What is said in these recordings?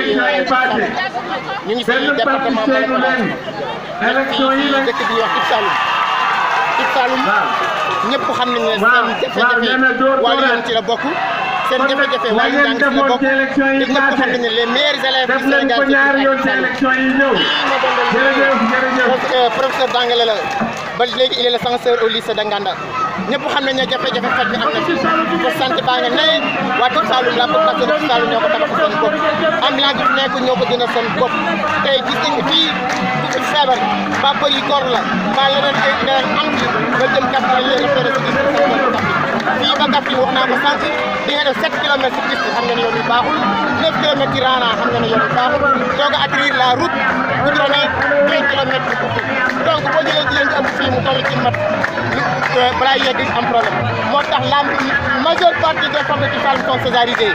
élection yi passé benn parti seenu leen yi la dëkk bi wax Ib Saloum Ib Saloum ñëpp ne seen jafe-jafe wàllu yoon ci la bokk seen jafe-jafe wàllu jàng ci la bokk te ñëpp xam nañ ne les meilleurs élèves du Sénégal ci ñaari yoon euh, la ba léegi il est le censeur au lycée de Nganda ñëpp xam nañ ne jafe-jafe faj mi am na fi santé baa nga ne waa Kër Saalum la population de Saalum ñoo ko tabax seen bopp ambulance bi nekk ñoo ko jënd seen bopp tey gis nañu fii ci feebar papa yi kor la ba leneen ay leneen am ci nga jëm kat la yéen a fere si gis fii ba kat yi wax naa ko sànq di nga def 7 kilomètres si piste bi xam nga ne yoon yu baaxul 9 kilomètres yi raana xam nga ne yoon yu baaxul soo ko atterrir la route goudronné 20 kilomètres donc boo jëlee jigéen ñi am fii mu toll ci mat balaa yegg am problème moo tax majeure partie des femmes qui Tivaouane sont césarisées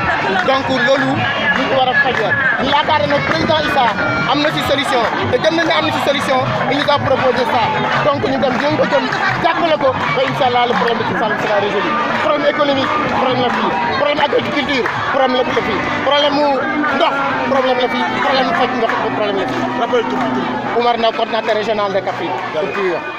donc loolu ñu ko war a fajoo ñu yaakaar président Issa am na solution Et demain, nañ ne solution Il ñu doon proposé ça donc ñu dem jëm ko jëm jàppale ko ba incha le problème qui Tivaouane sera résolu problème économique problème la vie, problème agriculture problème la fii problème mu ndox problème la vie, problème mu ndox problème la fii. rappel tout Oumar Ndaw coordinateur régional de Kaffrine.